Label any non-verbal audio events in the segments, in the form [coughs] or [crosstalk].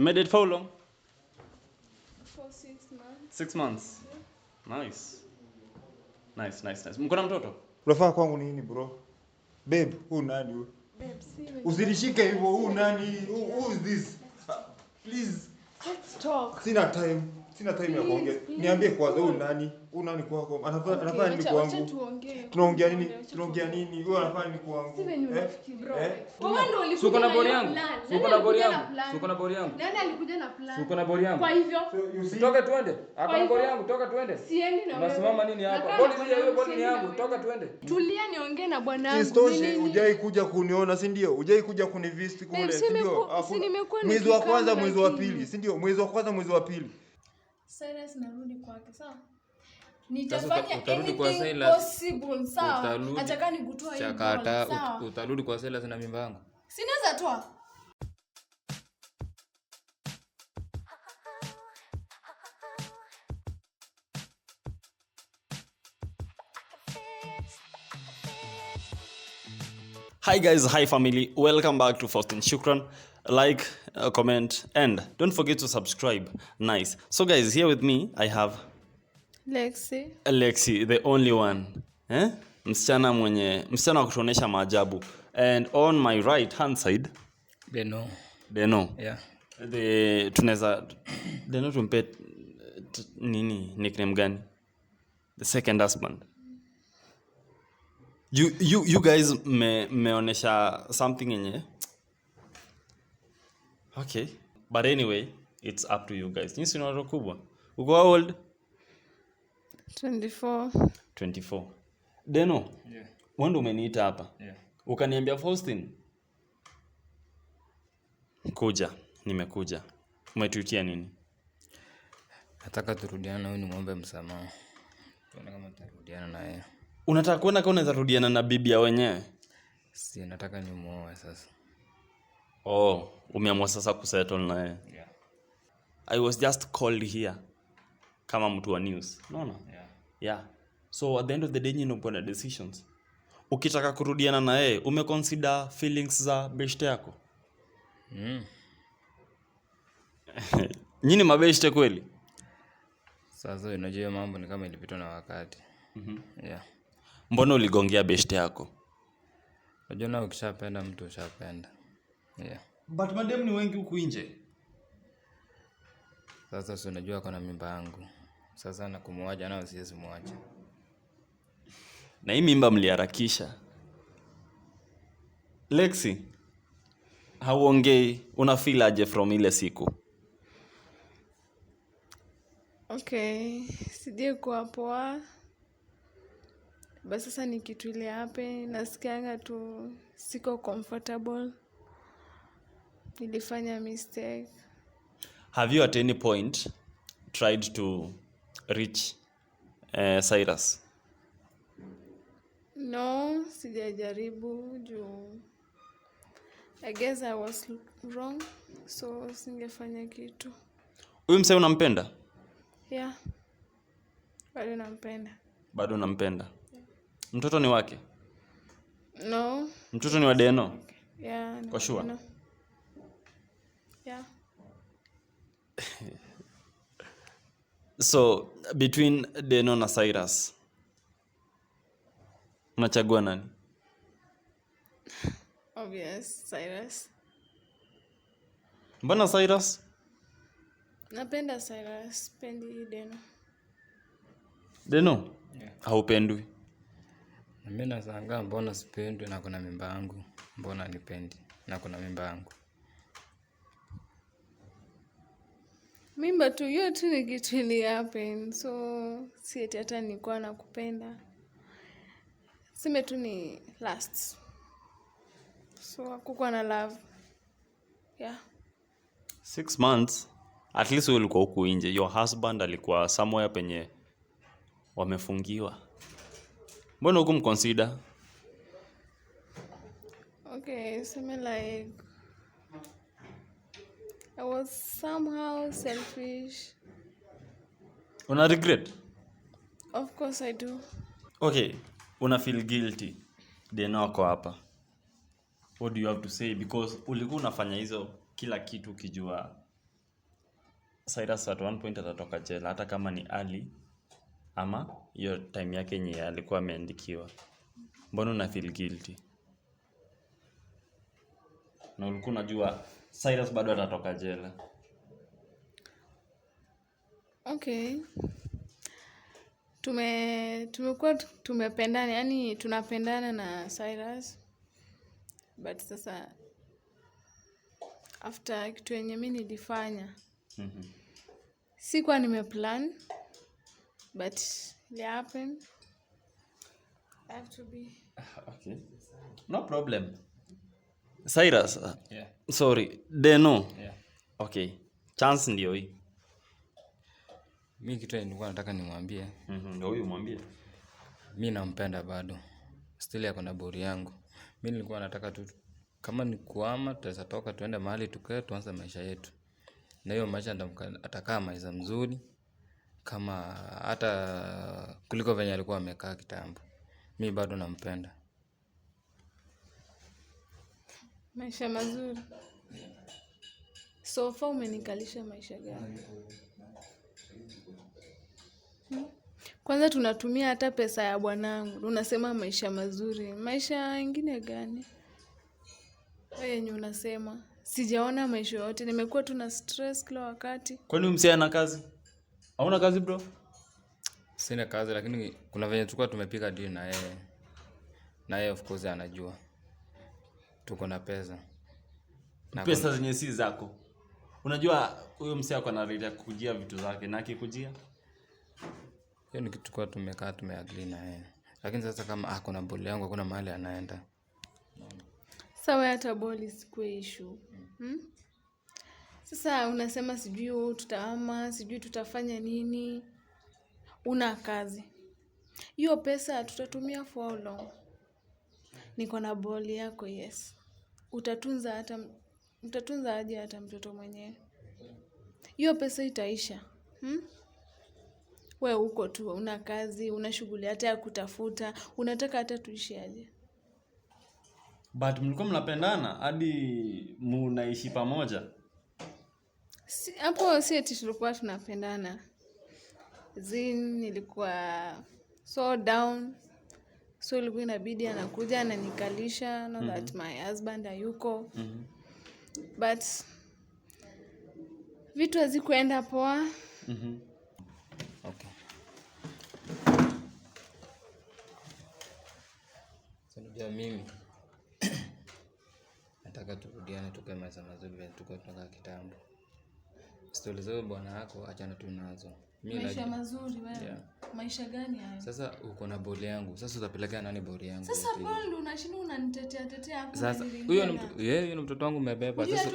made it for long? For six months. Six months. Yeah. Nice. Nice, nice, nice. Mko na mtoto? Unafaa kwangu nini bro? Babe, huu nani huyu? Babe, si Usinishike hivyo, huu nani? Who, who is this? Uh, please. Let's talk. Sina time. Sina time ya kuongea. Niambie kwanza huyu nani? Huyu nani kwako? Anafanya anafanya nini kwangu? Tunaongea nini? Tunaongea nini? Huyu anafanya nini kwangu? Sivyo eh? eh? Wewe ndio ulikuja. Uko na bori yangu. Uko na bori yangu. Uko na bori yangu. Nani alikuja na plan? Uko na bori yangu. Kwa hivyo, toka tuende. Hapa na bori yangu, toka tuende. Siendi na wewe. Unasimama nini hapa? Bori ni hiyo, bori ni yangu. Toka tuende. Tulia niongee na bwana wangu. Isitoshe, hujai kuja kuniona, si ndio? Hujai kuja kunivisit kule, si ndio? Mwezi wa kwanza, mwezi wa pili, si ndio? Mwezi wa kwanza, mwezi wa pili. Cyrus narudi kwake sawa utarudi kwa Cyrus na mimba yangu sinaweza toa Hi guys, hi family. Welcome back to Faustin Shukran like uh, comment and don't forget to subscribe nice so guys here with me i have Lexi. Lexi the only one eh? msichana mwenye msichana wa kutuonesha maajabu and on my right hand side Deno. Deno. Yeah. the tunaweza Deno tumpe t- nini nickname gani the second husband you, you, you guys mmeonyesha me, something yenye Okay. But anyway, it's up to you guys. Nisi ni watoto kubwa. Uko how old? 24. 24. Deno. Yeah. Wewe ndio umeniita hapa. Yeah. Ukaniambia Faustin. Kuja, nimekuja. Umetuitia nini? Nataka turudiane na huyu nimwombe msamaha. Tuone kama tutarudiana naye. Unataka kuona kama unaweza rudiana na bibi ya wenyewe? Si nataka nimuoe sasa. Oh, umeamua sasa kusettle naye. Yeah. I was just called here kama mtu wa news. No, no. Yeah. Yeah. So at the end of the day you know decisions. Ukitaka kurudiana na yeye, umeconsider feelings za beshte yako? Mm. [laughs] Nyinyi mabeshte kweli? Sasa unajua mambo ni kama ilipitwa na wakati. Mm -hmm. Yeah. Mbona uligongea beshte yako? Unajua na ukishapenda mtu ushapenda. Yeah. But madem ni wengi huku nje. Sasa si unajua na mimba yangu. Sasa na kumwaja nao siwezi mwacha. Na hii mimba mliharakisha. Lexi, hauongei, una feel aje from ile siku? Okay, sijui kuwa poa. Basi sasa ni kitu ile ape nasikianga tu siko comfortable. Nilifanya mistake. Have you at any point tried to reach uh, Cyrus? No, sijajaribu juu I guess I was wrong so singefanya kitu. Huyu mse unampenda? Yeah. Bado nampenda. Bado nampenda. Mtoto ni wake? No. Mtoto ni wa Deno? Yeah, ni kwa shua? Yeah. So between Deno na Cyrus unachagua nani? Obvious, Cyrus. Mbona Cyrus? Napenda Cyrus, pendi Deno. Deno? Yeah. Haupendwi? Mimi nashangaa mbona sipendwi na kuna mimba yangu. Mbona nipendi na kuna mimba yangu? Mimba tu hiyo tu ni kitu ili happen. So si eti hata na kupenda sime tu ni last. So hakukuwa na love. Yeah. Six months at least wewe ulikuwa huku nje. Your husband alikuwa somewhere penye wamefungiwa. Mbona mkonsida Okay, sema like I was somehow selfish. Una regret? Of course I do. Okay, una feel guilty dena wako hapa. What do you have to say because ulikuwa unafanya hizo kila kitu ukijua Cyrus at one point atatoka jela hata kama ni ali ama hiyo time yake yenye alikuwa ameandikiwa. Mbona una feel guilty? Na ulikuwa unajua Cyrus bado atatoka jela. Okay. Tume tumekuwa tumependana, yani tunapendana na Cyrus. But sasa after kitu yenye mimi nilifanya mm -hmm. Sikuwa nimeplan but it happened. I have to be. Okay. No problem. Cyrus. Uh, yeah. Sorry, Deno. Yeah. Okay. Chance ndio hii. Mimi kitu nilikuwa nataka nimwambie. Mhm, huyu mwambie. nampenda bado. stili yako na bori yangu. mi nilikuwa nataka tu kama ni kuama tutaweza toka tuende mahali tukae tuanze maisha yetu. Na hiyo maisha atakaa maisha mzuri kama hata kuliko venye alikuwa amekaa kitambo. mi bado nampenda. Maisha mazuri. sofa umenikalisha maisha gani? Hmm? Kwanza tunatumia hata pesa ya bwanangu. Unasema maisha mazuri. Maisha ingine gani? Wewe yenye unasema. Sijaona maisha yote Nimekuwa tu na stress kila wakati. Kwani huyu msee kazi? Hauna kazi bro? Sina kazi lakini kuna venye tulikuwa tumepika deal na yeye. Na yeye of course anajua tuko na pesa na pesa zenye si zako. Unajua huyo msee ako analia kujia vitu zake na akikujia hiyo ni kitu kwa tumekaa tumeagree na yeye, lakini sasa kama ako na boli yangu hakuna mahali anaenda sawa, hata boli sikuwa issue hmm? Sasa unasema sijui tutaama, sijui tutafanya nini, una kazi hiyo pesa tutatumia for long. Niko na boli yako, yes Utatunza aje hata mtoto mwenyewe hiyo pesa itaisha hmm? we uko tu una kazi una shughuli hata ya kutafuta unataka hata tuishi aje But mlikuwa mnapendana hadi mnaishi pamoja hapo si eti tulikuwa tunapendana zin nilikuwa so down. So ilikuwa inabidi anakuja ananikalisha no mm -hmm. that my husband ayuko mm -hmm. but vitu hazikuenda poa mm -hmm. okay. mimi [coughs] nataka turudiane, tukae maisha mazuri vile tunakaa kitambo. Stori zao bwana wako achana tu nazo maisha mazuri wewe. Yeah. Maisha gani hayo? Sasa uko na boli yangu. Sasa utapeleka nani boli yangu? Sasa boli unashinda unanitetea tetea hapo. Sasa huyo ni ni mtoto wangu umebeba. Sasa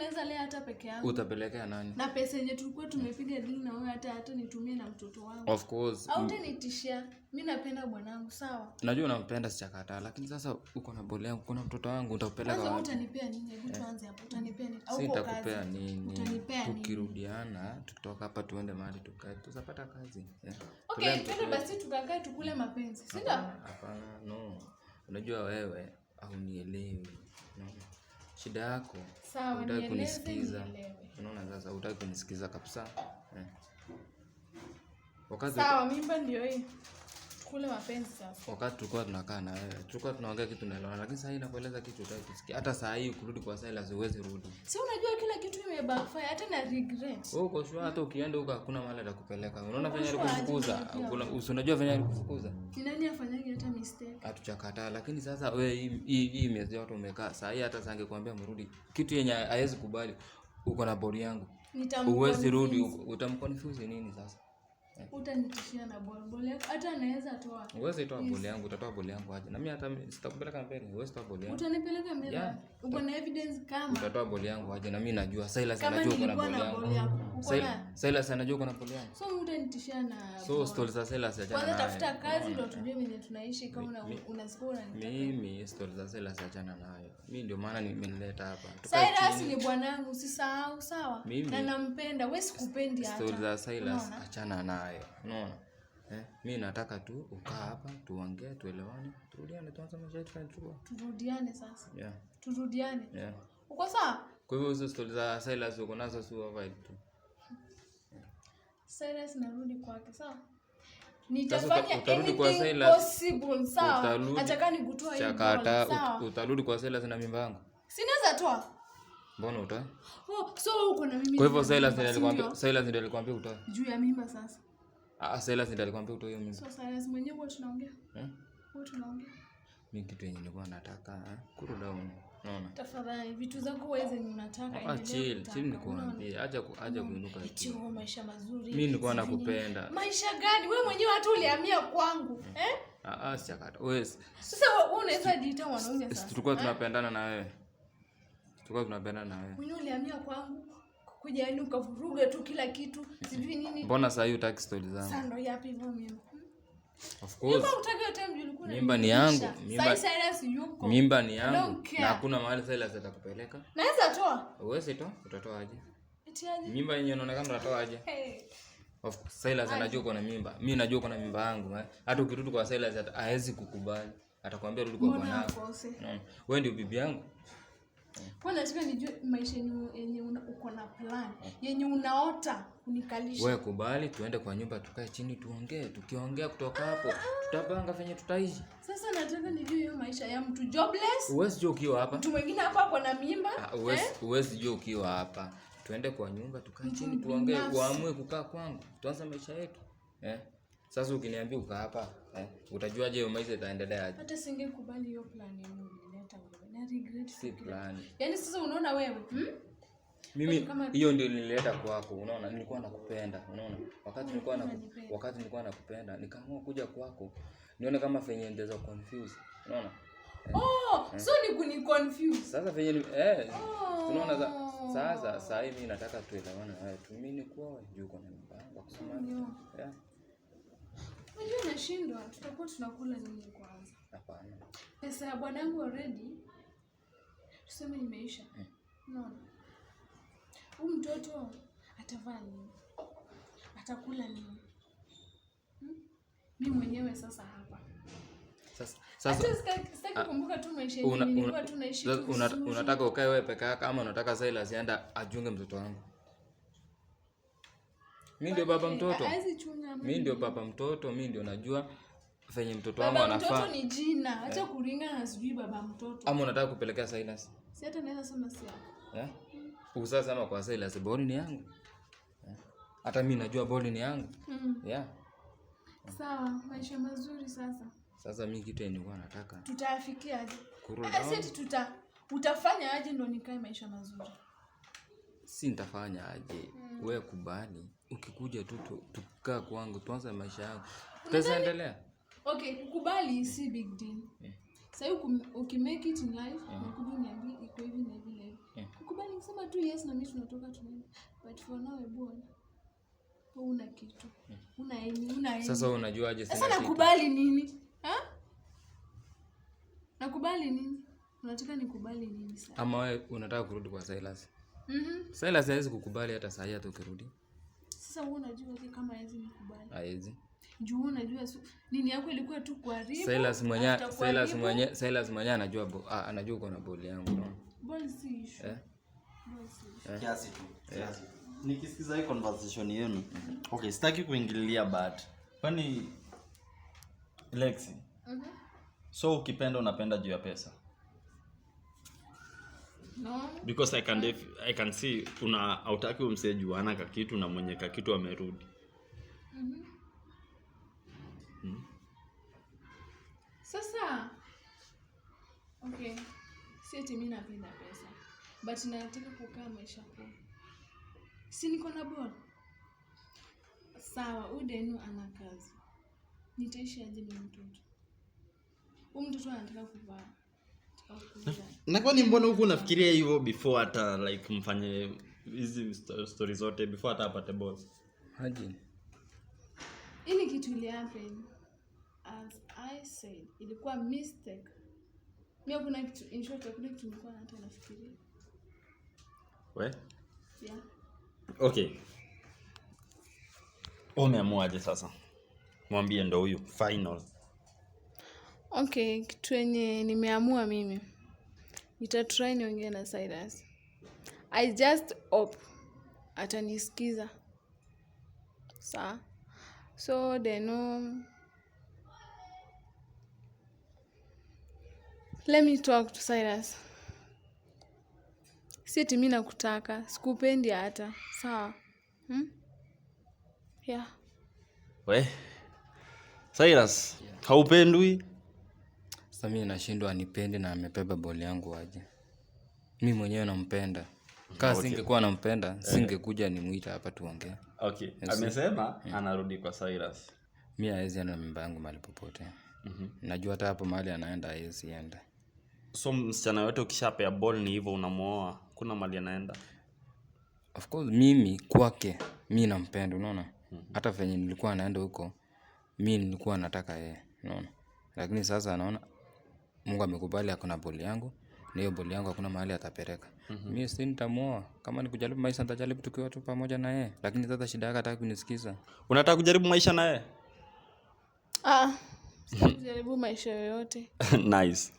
unaweza lea hata peke yangu. Utapelekea nani? Na pesa yenye tulikuwa tumepiga dini na wewe hata hata nitumie na mtoto wangu. Of course. Au utanitishia. Mimi napenda bwanangu, sawa? Najua unampenda sijakataa, lakini sasa uko na bole yangu, kuna mtoto wangu utapeleka wapi? Sasa utanipea nini? Hebu yeah. tuanze hapo. Utanipea nini? Au utakupea nini? Utanipea nini? Tukirudiana, tutoka hapa tuende mahali tukae, tutapata kazi. Yeah. Okay, twende basi tukakae tukule mapenzi. Si ndio? Hapana, no. Unajua wewe au nielewi. No shida yako hutaki kunisikiza. Unaona sasa, hutaki kunisikiza kabisa eh. Wakati sawa, mimba ndio hii kule mapenzi sasa. Wakati tulikuwa tunakaa na wewe, tulikuwa tunaongea kitu naelewana, lakini sasa hii nakueleza kitu hutaki kusikia. Hata saa hii kurudi kwa sasa, lazima uweze rudi, si unajua kila kitu imebackfire hata ukienda huko hakuna mahali atakupeleka. Unaona venye alikufukuza? Unajua venye alikufukuza? Ni nani afanyaje hata mistake? Hatuchakataa, lakini sasa we hii hii miezi yote umekaa. Saa hii hata sangekwambia mrudi. Kitu yenye haiwezi kubali. Uko na bodi yangu. Uwezi rudi, utamconfuse nini sasa? Utanitishia na bole yako. Hata anaweza toa. Uweze toa bole yangu, utatoa bole yangu aje. Na mimi hata sitakupeleka mbele. Uweze toa bole yangu. Utanipeleka mbele. Yeah. Uko na evidence kama. Utatoa bole yangu aje na mimi najua Silas anajua uko na bole yangu. Silas anajua uko na bole yangu. So utanitishia na So stories za Silas acha. Kwanza tafuta kazi ndio tujue mimi tunaishi kama unasikuwa unanitaka. Mimi stories za Silas achana nayo. Mimi ndio maana nimeleta hapa. Silas ni bwanangu, usisahau sawa? Na nampenda. Wewe sikupendi hata. Stories za Silas achana nayo hayo. Unaona? Eh, mimi nataka tu ukaa hapa, tuongee, tuelewane, turudiane, tuanze maisha yetu Turudiane sasa. Yeah. Turudiane. Yeah. Uko sawa? Kwa hivyo hizo stori za Silas uko nazo sio vibe tu. Silas narudi kwake, sawa? Nitafanya utarudi kwa Silas na mimba yangu. Sinaweza toa. Mbona utoe? Oh, so uko na mimi. Kwa hivyo Silas ndiye alikwambia utoe. Juu ya mimba sasa. Ah, ah Silas ndio alikwambia utoe mimi. So Silas mwenyewe huwa tunaongea. Eh? Huwa tunaongea. Mimi kitu yenye nilikuwa nataka cool eh, down. Unaona? Tafadhali vitu zako wewe zenye unataka ah, endelea. Ah, chill, chill nikuambie. Acha acha kuinuka Hicho Chill maisha mazuri. Mimi nilikuwa nakupenda. Maisha gani? Wewe mwenyewe hata ulihamia kwangu. Eh? Ah, ah, sijakata. Wewe sasa wewe unaweza jiita mwanaume sasa. Tulikuwa eh? tunapendana na wewe. Tulikuwa tunapendana na wewe. Mwenyewe ulihamia kwangu kuja yani ukavuruga tu kila kitu sijui nini. Mbona saa hii utaki stori zangu? Sasa ndo yapi hivyo mimi. Of course. Mimba mimba ni yangu. Mimba, mimba ni yangu. Na hakuna mahali sasa Silas atakupeleka. Naweza toa. Uwezi toa, utatoa aje? Itiaje? Mimba yenyewe inaonekana unatoa aje? Hey. Of course Silas anajua uko na mimba. Mimi najua uko na mimba yangu. Hata ukirudi kwa Silas hawezi kukubali. Atakwambia rudi kwa bwana wako. Wewe ndio bibi yangu. Kwa lazima nijue maisha yenye uko na plan, yenye unaota unikalisha. Wewe kubali tuende kwa nyumba tukae chini tuongee, tukiongea kutoka hapo ah, ah. tutapanga venye tutaishi. Sasa nataka nijue hiyo maisha ya mtu jobless. Uwezi jua ukiwa hapa. Mtu mwingine hapo hapo na mimba. Ah, Uwezi eh? jua ukiwa hapa. Tuende kwa nyumba tukae chini tuongee, uamue kukaa kwangu. Tuanze maisha yetu. Eh? Sasa ukiniambia uka hapa, eh? Utajuaje hiyo maisha itaendelea aje? Hata singekubali hiyo plan yenu ulileta na yaani sasa unaona wewe hmm? Mimi yaani hiyo ndio nilileta kwako, unaona, nilikuwa nakupenda, unaona, wakati nilikuwa na wakati nilikuwa nakupenda, nikaamua kuja kwako, nione kama venye ndeza confuse, unaona. Oh, eh. so ni kuni confuse. Sasa venye eh, oh. unaona za sasa saa hii nataka tuelewane wewe tu, mimi ni kwa juu kwa mpango wa ndio Yeah. Unajua nashindwa, tutakuwa tunakula nini kwanza? Hapana. Pesa ya bwanangu already tuseme nimeisha eh. No. mtoto atavaa nini? Atakula nini? Hmm? mwenyewe sasa hapa unataka ukae wewe peke yako ama unataka Silas azienda ajunge mtoto wangu? Mi ndio baba mtoto, mi ndio baba mtoto, mi ndio najua venye mtoto wangu anafaa. mtoto ni jina, acha eh. kuringa na sijui baba mtoto. Ama unataka kupelekea Silas? Si hata naweza sema si hapo. Eh? Usasa sana kwa Silas, boni ni yangu. Eh? Hata mimi najua boni ni yangu. Mm. Yeah. Sawa, maisha mazuri sasa. Sasa mimi kitu yenye nilikuwa nataka. Tutafikia aje? Sisi eh, tuta utafanya aje ndo nikae maisha mazuri? Si nitafanya aje? Mm. Wewe kubali, ukikuja tu tukaa kwangu tuanze maisha yangu. Tutaendelea okay kukubali si big deal yeah. sahii ukimake it in life yeah. nakuja niambi iko hivi na hivi na hivi yeah. kukubali kusema tu yes na mi tunatoka tunaenda but for now ebona una kitu yeah. una eni una eni sasa unajuaje sasa nakubali nini ha? nakubali nini unataka nikubali nini sasa ama wewe unataka kurudi kwa Silas mhm Silas hawezi kukubali hata saa hii hata ukirudi sasa wewe unajua kama hawezi nikubali hawezi juu unajua nini yako ilikuwa tu kuharibu. Silas mwenye Silas mwenye Silas mwenye anajua bo, ah, anajua uko na boli yangu no. Ball si issue. Eh? si eh? Kiasi tu. Eh? Kiasi. Eh? Nikisikiza hii conversation yenu. Mm -hmm. Okay, sitaki kuingilia but kwani Lexi. Mhm. So ukipenda unapenda juu ya pesa. No. Because I can def I can see una hautaki umsee juu kakitu na mwenye kakitu amerudi. Mhm. Mm Hmm. Sasa okay, si eti napenda pesa but nataka kukaa maisha poa, si niko na bora sawa. Udenu ana kazi, nitaishi aje na mtoto huyu? Mtoto anataka kuvaa na kwani, mbona huku unafikiria hivyo before hata like mfanye hizi stori zote, before hata apate boss. Haji. Ili kitu ili happen as I said, ilikuwa mistake. Mimi kuna kitu in short, kuna kitu nilikuwa hata nafikiria. We? Yeah. Okay. Umeamuaje sasa? Mwambie ndo huyu final. Okay, kitu yenye nimeamua mimi nitatry niongee na Cyrus. I just hope atanisikiza. Sawa. So they know. Let me talk to Cyrus. Siti, mi nakutaka, sikupendi hata sawa, hmm? yeah. We Cyrus, yeah. Haupendwi sasa. Mi nashindwa anipende na amepeba boli yangu aje. Mi mwenyewe nampenda, kaa okay. Singekuwa nampenda eh. singekuja nimwita hapa tuongee okay amesema yeah. anarudi kwa cyrus mi aezi enda mimba yangu mahali popote mm-hmm. najua hata hapo mahali anaenda aezi enda so msichana yote ukishapea ball ni hivyo unamwoa kuna mali anaenda of course mimi kwake mi nampenda unaona mm-hmm. hata venye nilikuwa naenda huko mi nilikuwa nataka yeye unaona lakini sasa anaona mungu amekubali akona boli yangu na hiyo boli yangu hakuna mahali atapeleka. Mm-hmm. Mimi si nitamuoa. Kama kujaribu maisha nitajaribu tukiwa tu pamoja na yeye. Lakini sasa shida yake hataki kunisikiza. Unataka kujaribu maisha na yeye? Ah. Sijaribu maisha yoyote. [laughs] Nice.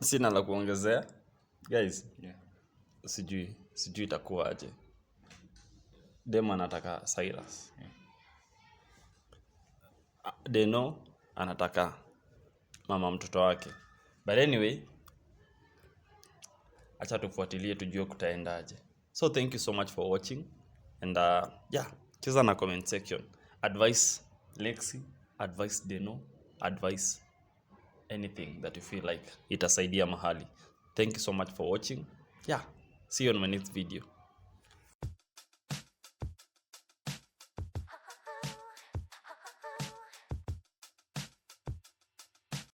Sina la kuongezea. Guys. Yeah. Sijui, sijui itakuwa aje. Dema anataka Cyrus. Ah, Deno anataka mama mtoto wake. But anyway, acha tufuatilie tujue kutaendaje. So thank you so much for watching and uh, yeah, cheza na comment section. Advice Lexi, advice Deno, advice anything that you feel like itasaidia mahali. Thank you so much for watching. Yeah, see you on my next video.